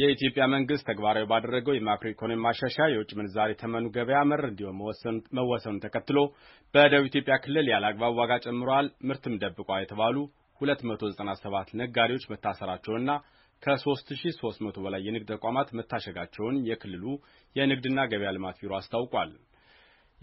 የኢትዮጵያ መንግስት ተግባራዊ ባደረገው የማክሮ ኢኮኖሚ ማሻሻያ የውጭ ምንዛሬ ተመኑ ገበያ መር እንዲሆን መወሰኑን ተከትሎ በደቡብ ኢትዮጵያ ክልል ያለ አግባብ ዋጋ ጨምረዋል፣ ምርትም ደብቋል የተባሉ 297 ነጋዴዎች መታሰራቸውንና ከ3300 በላይ የንግድ ተቋማት መታሸጋቸውን የክልሉ የንግድና ገበያ ልማት ቢሮ አስታውቋል።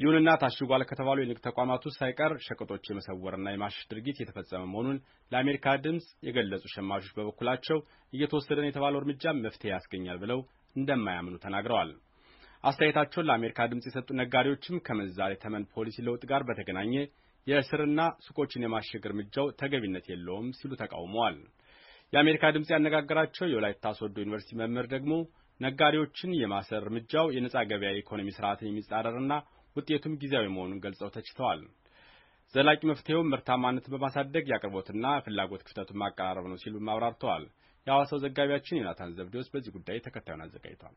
ይሁንና ታሽጓል ከተባሉ የንግድ ተቋማት ውስጥ ሳይቀር ሸቀጦች የመሰወርና የማሸሽ ድርጊት የተፈጸመ መሆኑን ለአሜሪካ ድምፅ የገለጹ ሸማቾች በበኩላቸው እየተወሰደ የተባለው እርምጃ መፍትሄ ያስገኛል ብለው እንደማያምኑ ተናግረዋል። አስተያየታቸውን ለአሜሪካ ድምፅ የሰጡ ነጋዴዎችም ከምንዛሬ ተመን ፖሊሲ ለውጥ ጋር በተገናኘ የእስርና ሱቆችን የማሸግ እርምጃው ተገቢነት የለውም ሲሉ ተቃውመዋል። የአሜሪካ ድምፅ ያነጋገራቸው የወላይታ ሶዶ ዩኒቨርሲቲ መምህር ደግሞ ነጋዴዎችን የማሰር እርምጃው የነጻ ገበያ የኢኮኖሚ ስርዓትን የሚጻረርና ውጤቱም ጊዜያዊ መሆኑን ገልጸው ተችተዋል። ዘላቂ መፍትሄው ምርታማነትን በማሳደግ የአቅርቦትና ፍላጎት ክፍተቱን ማቀራረብ ነው ሲሉም አብራርተዋል። የሐዋሳው ዘጋቢያችን ዮናታን ዘብዴዎስ በዚህ ጉዳይ ተከታዩን አዘጋጅቷል።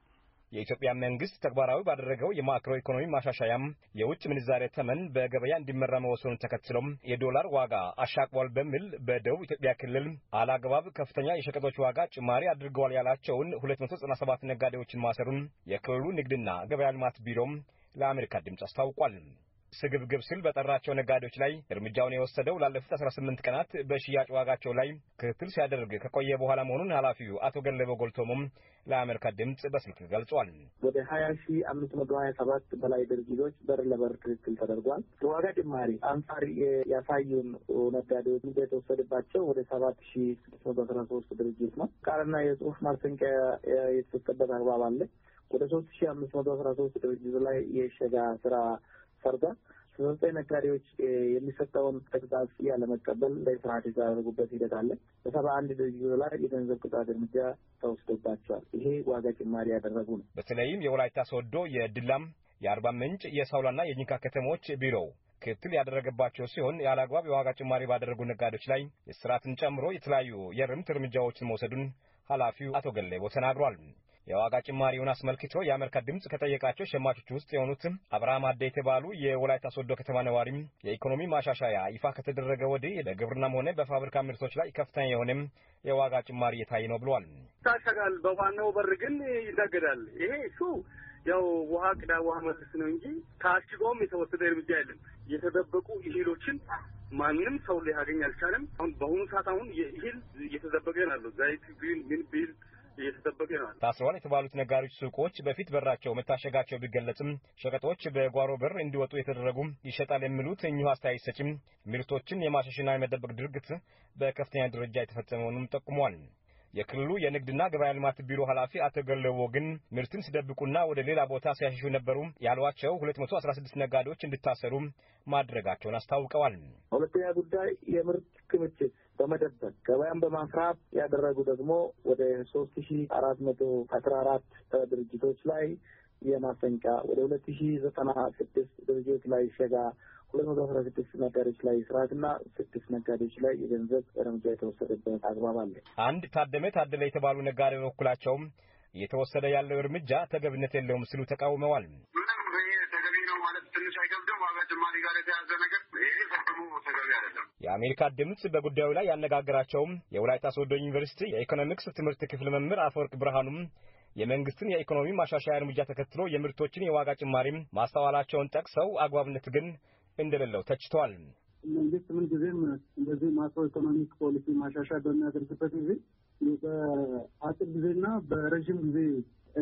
የኢትዮጵያ መንግስት ተግባራዊ ባደረገው የማክሮ ኢኮኖሚ ማሻሻያም የውጭ ምንዛሬ ተመን በገበያ እንዲመራ መወሰኑን ተከትሎም የዶላር ዋጋ አሻቅቧል በሚል በደቡብ ኢትዮጵያ ክልል አላግባብ ከፍተኛ የሸቀጦች ዋጋ ጭማሪ አድርገዋል ያላቸውን 297 ነጋዴዎችን ማሰሩን የክልሉ ንግድና ገበያ ልማት ቢሮም ለአሜሪካ ድምፅ አስታውቋል። ስግብግብ ሲል በጠራቸው ነጋዴዎች ላይ እርምጃውን የወሰደው ላለፉት 18 ቀናት በሽያጭ ዋጋቸው ላይ ክትትል ሲያደርግ ከቆየ በኋላ መሆኑን ኃላፊው አቶ ገለበ ጎልቶሞም ለአሜሪካ ድምፅ በስልክ ገልጿል። ወደ መቶ ሀያ ሰባት በላይ ድርጅቶች በር ለበር ክትትል ተደርጓል። ከዋጋ ጭማሪ አንጻር ያሳዩን ነጋዴዎች የተወሰደባቸው ወደ 7 ሺህ ሶስት ድርጅት ነው። ቃልና የጽሁፍ ማስጠንቀቂያ የተሰጠበት አግባብ አለ። ወደ ሶስት ሺ አምስት መቶ አስራ ሶስት ድርጅት ላይ የእሸጋ ስራ ሰርታ ዘጠኝ ነጋዴዎች የሚሰጠውን ተግዛዝ ያለመቀበል ለስርዓት የተዳረጉበት ሂደት አለ። በሰባ አንድ ድርጅት ላይ የገንዘብ ቅጣት እርምጃ ተወስዶባቸዋል። ይሄ ዋጋ ጭማሪ ያደረጉ ነው። በተለይም የወላይታ ሶዶ፣ የድላም፣ የአርባ ምንጭ፣ የሳውላና የጂንካ ከተሞች ቢሮው ክትትል ያደረገባቸው ሲሆን ያለ የዋጋ ጭማሪ ባደረጉ ነጋዴዎች ላይ የስርዓትን ጨምሮ የተለያዩ የርምት እርምጃዎችን መውሰዱን ኃላፊው አቶ ገለቦ ተናግሯል። የዋጋ ጭማሪውን አስመልክቶ የአሜሪካ ድምፅ ከጠየቃቸው ሸማቾች ውስጥ የሆኑት አብርሃም አደ የተባሉ የወላይታ ሶዶ ከተማ ነዋሪም የኢኮኖሚ ማሻሻያ ይፋ ከተደረገ ወዲህ ለግብርናም ሆነ በፋብሪካ ምርቶች ላይ ከፍተኛ የሆነም የዋጋ ጭማሪ እየታየ ነው ብሏል። ይታሸጋል፣ በዋናው በር ግን ይነገዳል። ይሄ እሱ ያው ውሃ ቅዳ ውሃ መልስ ነው እንጂ ታሽጎም የተወሰደ እርምጃ የለም። የተደበቁ እህሎችን ማንም ሰው ሊያገኝ አልቻለም። አሁን በአሁኑ ሰዓት አሁን የእህል እየተደበቀ ናሉ ዛይት ቢል ምን ቢል እየተጠበቀ ነው። ታስሯል የተባሉት ነጋዴዎች ሱቆች በፊት በራቸው መታሸጋቸው ቢገለጽም ሸቀጦች በጓሮ በር እንዲወጡ የተደረጉ ይሸጣል የሚሉት እኚሁ አስተያየት ሰጪም ምርቶችን የማሸሽና የመደበቅ ድርግት በከፍተኛ ደረጃ የተፈጸመውንም መሆኑን ጠቁመዋል። የክልሉ የንግድና ገበያ ልማት ቢሮ ኃላፊ አቶ ገለቦ ግን ምርትን ሲደብቁና ወደ ሌላ ቦታ ሲያሸሹ ነበሩ ያሏቸው 216 ነጋዴዎች እንዲታሰሩ ማድረጋቸውን አስታውቀዋል። ሁለተኛ ጉዳይ የምርት ክምችት በመደበቅ ገበያን በማስራት ያደረጉ ደግሞ ወደ ሶስት ሺ አራት መቶ አስራ አራት ድርጅቶች ላይ የማስጠንቀቂያ ወደ ሁለት ሺ ዘጠና ስድስት ድርጅቶች ላይ ሸጋ ሁለት መቶ አስራ ስድስት ነጋዴዎች ላይ ስርዓትና ስድስት ነጋዴዎች ላይ የገንዘብ እርምጃ የተወሰደበት አግባብ አለ። አንድ ታደመ ታደለ የተባሉ ነጋዴ በበኩላቸውም እየተወሰደ ያለው እርምጃ ተገቢነት የለውም ሲሉ ተቃውመዋል። የአሜሪካ ድምፅ በጉዳዩ ላይ ያነጋገራቸውም የወላይታ ሶዶ ዩኒቨርሲቲ የኢኮኖሚክስ ትምህርት ክፍል መምህር አፈወርቅ ብርሃኑም የመንግስትን የኢኮኖሚ ማሻሻያ እርምጃ ተከትሎ የምርቶችን የዋጋ ጭማሪም ማስተዋላቸውን ጠቅሰው አግባብነት ግን እንደበላው ተችቷል። መንግስት ምንጊዜም እንደዚህ ማክሮ ኢኮኖሚክ ፖሊሲ ማሻሻያ በሚያደርግበት ጊዜ በአጭር ጊዜና በረዥም ጊዜ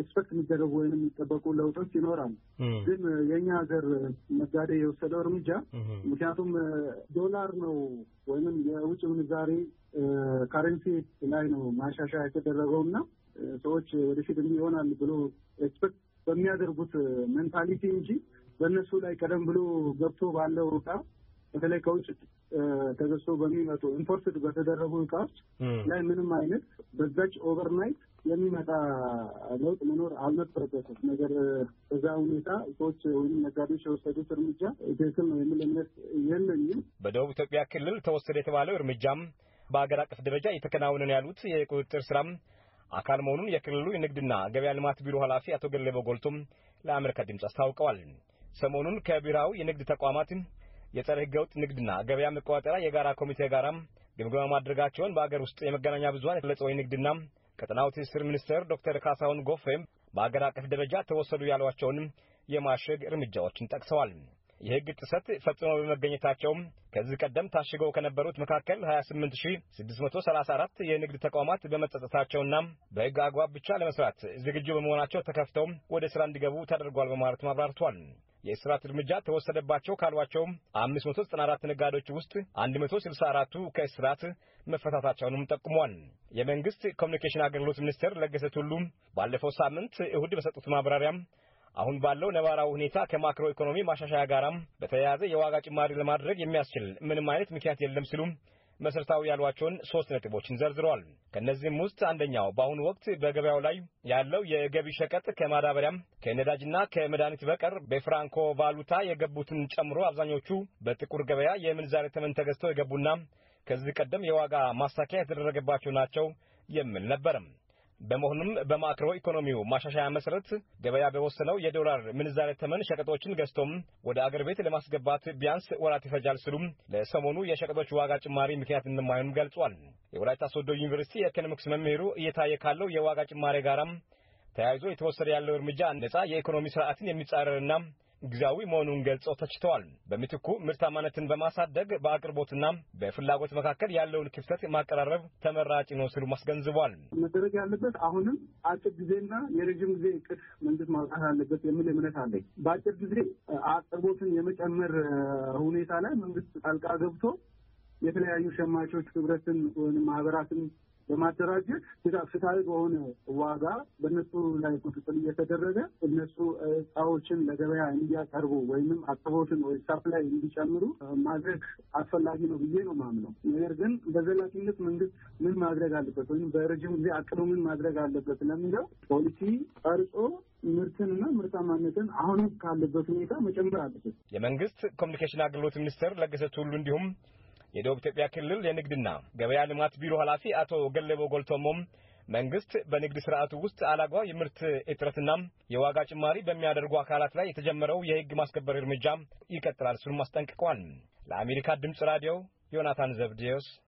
ኤክስፐክት የሚደረጉ ወይም የሚጠበቁ ለውጦች ይኖራሉ። ግን የእኛ ሀገር ነጋዴ የወሰደው እርምጃ ምክንያቱም ዶላር ነው ወይም የውጭ ምንዛሬ ካረንሲ ላይ ነው ማሻሻያ የተደረገው እና ሰዎች ወደፊት ይሆናል ብሎ ኤክስፐክት በሚያደርጉት ሜንታሊቲ እንጂ በእነሱ ላይ ቀደም ብሎ ገብቶ ባለው እቃ በተለይ ከውጭ ተገዝቶ በሚመጡ ኢምፖርትድ በተደረጉ እቃዎች ላይ ምንም አይነት በዛች ኦቨርናይት የሚመጣ ለውጥ መኖር አልነበረበትም። ነገር በዛ ሁኔታ ሰዎች ወይም ነጋዴዎች የወሰዱት እርምጃ ትክክል ነው የሚል እምነት የለኝም። በደቡብ ኢትዮጵያ ክልል ተወሰደ የተባለው እርምጃም በሀገር አቀፍ ደረጃ የተከናወነ ነው ያሉት የቁጥጥር ስራም አካል መሆኑን የክልሉ የንግድና ገበያ ልማት ቢሮ ኃላፊ አቶ ገለበ ጎልቶም ለአሜሪካ ድምፅ አስታውቀዋል። ሰሞኑን ከቢራው የንግድ ተቋማትን የጸረ ህገወጥ ንግድና ገበያ መቆጣጠሪያ የጋራ ኮሚቴ ጋራም ግምገማ ማድረጋቸውን በአገር ውስጥ የመገናኛ ብዙኃን የገለጸው የንግድና ቀጠናዊ ትስስር ሚኒስትር ዶክተር ካሳሁን ጎፌም በአገር አቀፍ ደረጃ ተወሰዱ ያሏቸውንም የማሸግ እርምጃዎችን ጠቅሰዋል። የህግ ጥሰት ፈጽሞ በመገኘታቸውም ከዚህ ቀደም ታሽገው ከነበሩት መካከል 28634 የንግድ ተቋማት በመጸጸታቸውና በህግ አግባብ ብቻ ለመስራት ዝግጁ በመሆናቸው ተከፍተው ወደ ስራ እንዲገቡ ተደርጓል በማለት አብራርቷል። የእስራት እርምጃ ተወሰደባቸው ካሏቸውም 594 ነጋዴዎች ውስጥ 164ቱ ከእስራት መፈታታቸውንም ጠቁሟል። የመንግስት ኮሚኒኬሽን አገልግሎት ሚኒስቴር ለገሰ ቱሉ ባለፈው ሳምንት እሁድ በሰጡት ማብራሪያም አሁን ባለው ነባራዊ ሁኔታ ከማክሮ ኢኮኖሚ ማሻሻያ ጋራም በተያያዘ የዋጋ ጭማሪ ለማድረግ የሚያስችል ምንም አይነት ምክንያት የለም ሲሉ መሰረታዊ ያሏቸውን ሶስት ነጥቦችን ዘርዝረዋል። ከእነዚህም ውስጥ አንደኛው በአሁኑ ወቅት በገበያው ላይ ያለው የገቢ ሸቀጥ ከማዳበሪያም ከነዳጅና ከመድኃኒት በቀር በፍራንኮ ቫሉታ የገቡትን ጨምሮ አብዛኞቹ በጥቁር ገበያ የምንዛሬ ተመን ተገዝተው የገቡና ከዚህ ቀደም የዋጋ ማሳኪያ የተደረገባቸው ናቸው የሚል ነበርም። በመሆኑም በማክሮ ኢኮኖሚው ማሻሻያ መሰረት ገበያ በወሰነው የዶላር ምንዛሬ ተመን ሸቀጦችን ገዝቶም ወደ አገር ቤት ለማስገባት ቢያንስ ወራት ይፈጃል ሲሉም ለሰሞኑ የሸቀጦች ዋጋ ጭማሪ ምክንያት እንደማይሆንም ገልጿል። የወላይታ ሶዶ ዩኒቨርሲቲ የኢኮኖሚክስ መምህሩ እየታየ ካለው የዋጋ ጭማሪ ጋራም ተያይዞ የተወሰደ ያለው እርምጃ ነጻ የኢኮኖሚ ስርዓትን የሚጻረርና ጊዜያዊ መሆኑን ገልጸው ተችተዋል። በምትኩ ምርታማነትን በማሳደግ በአቅርቦትና በፍላጎት መካከል ያለውን ክፍተት ማቀራረብ ተመራጭ ነው ሲሉ አስገንዝቧል። መደረግ ያለበት አሁንም አጭር ጊዜና የረዥም ጊዜ እቅድ መንግስት ማውጣት አለበት የሚል እምነት አለኝ። በአጭር ጊዜ አቅርቦትን የመጨመር ሁኔታ ላይ መንግስት ጣልቃ ገብቶ የተለያዩ ሸማቾች ህብረትን ወይም ማህበራትን በማደራጀት ፍትሐዊ በሆነ ዋጋ በእነሱ ላይ ቁጥጥር እየተደረገ እነሱ እቃዎችን ለገበያ እንዲያቀርቡ ወይም አቅርቦትን ወይ ሳፕላይ እንዲጨምሩ ማድረግ አስፈላጊ ነው ብዬ ነው ማምነው። ነገር ግን በዘላቂነት መንግስት ምን ማድረግ አለበት ወይም በረጅም ጊዜ አቅዶ ምን ማድረግ አለበት ለሚለው ፖሊሲ ቀርጾ ምርትንና ምርታማነትን አሁንም ካለበት ሁኔታ መጨመር አለበት። የመንግስት ኮሚኒኬሽን አገልግሎት ሚኒስትር ለገሰ ቱሉ እንዲሁም የደቡብ ኢትዮጵያ ክልል የንግድና ገበያ ልማት ቢሮ ኃላፊ አቶ ገለቦ ጎልቶሞም መንግስት በንግድ ስርዓቱ ውስጥ አላጓ የምርት እጥረትና የዋጋ ጭማሪ በሚያደርጉ አካላት ላይ የተጀመረው የህግ ማስከበር እርምጃ ይቀጥላል ሲሉም አስጠንቅቀዋል። ለአሜሪካ ድምፅ ራዲዮ ዮናታን ዘብዴዎስ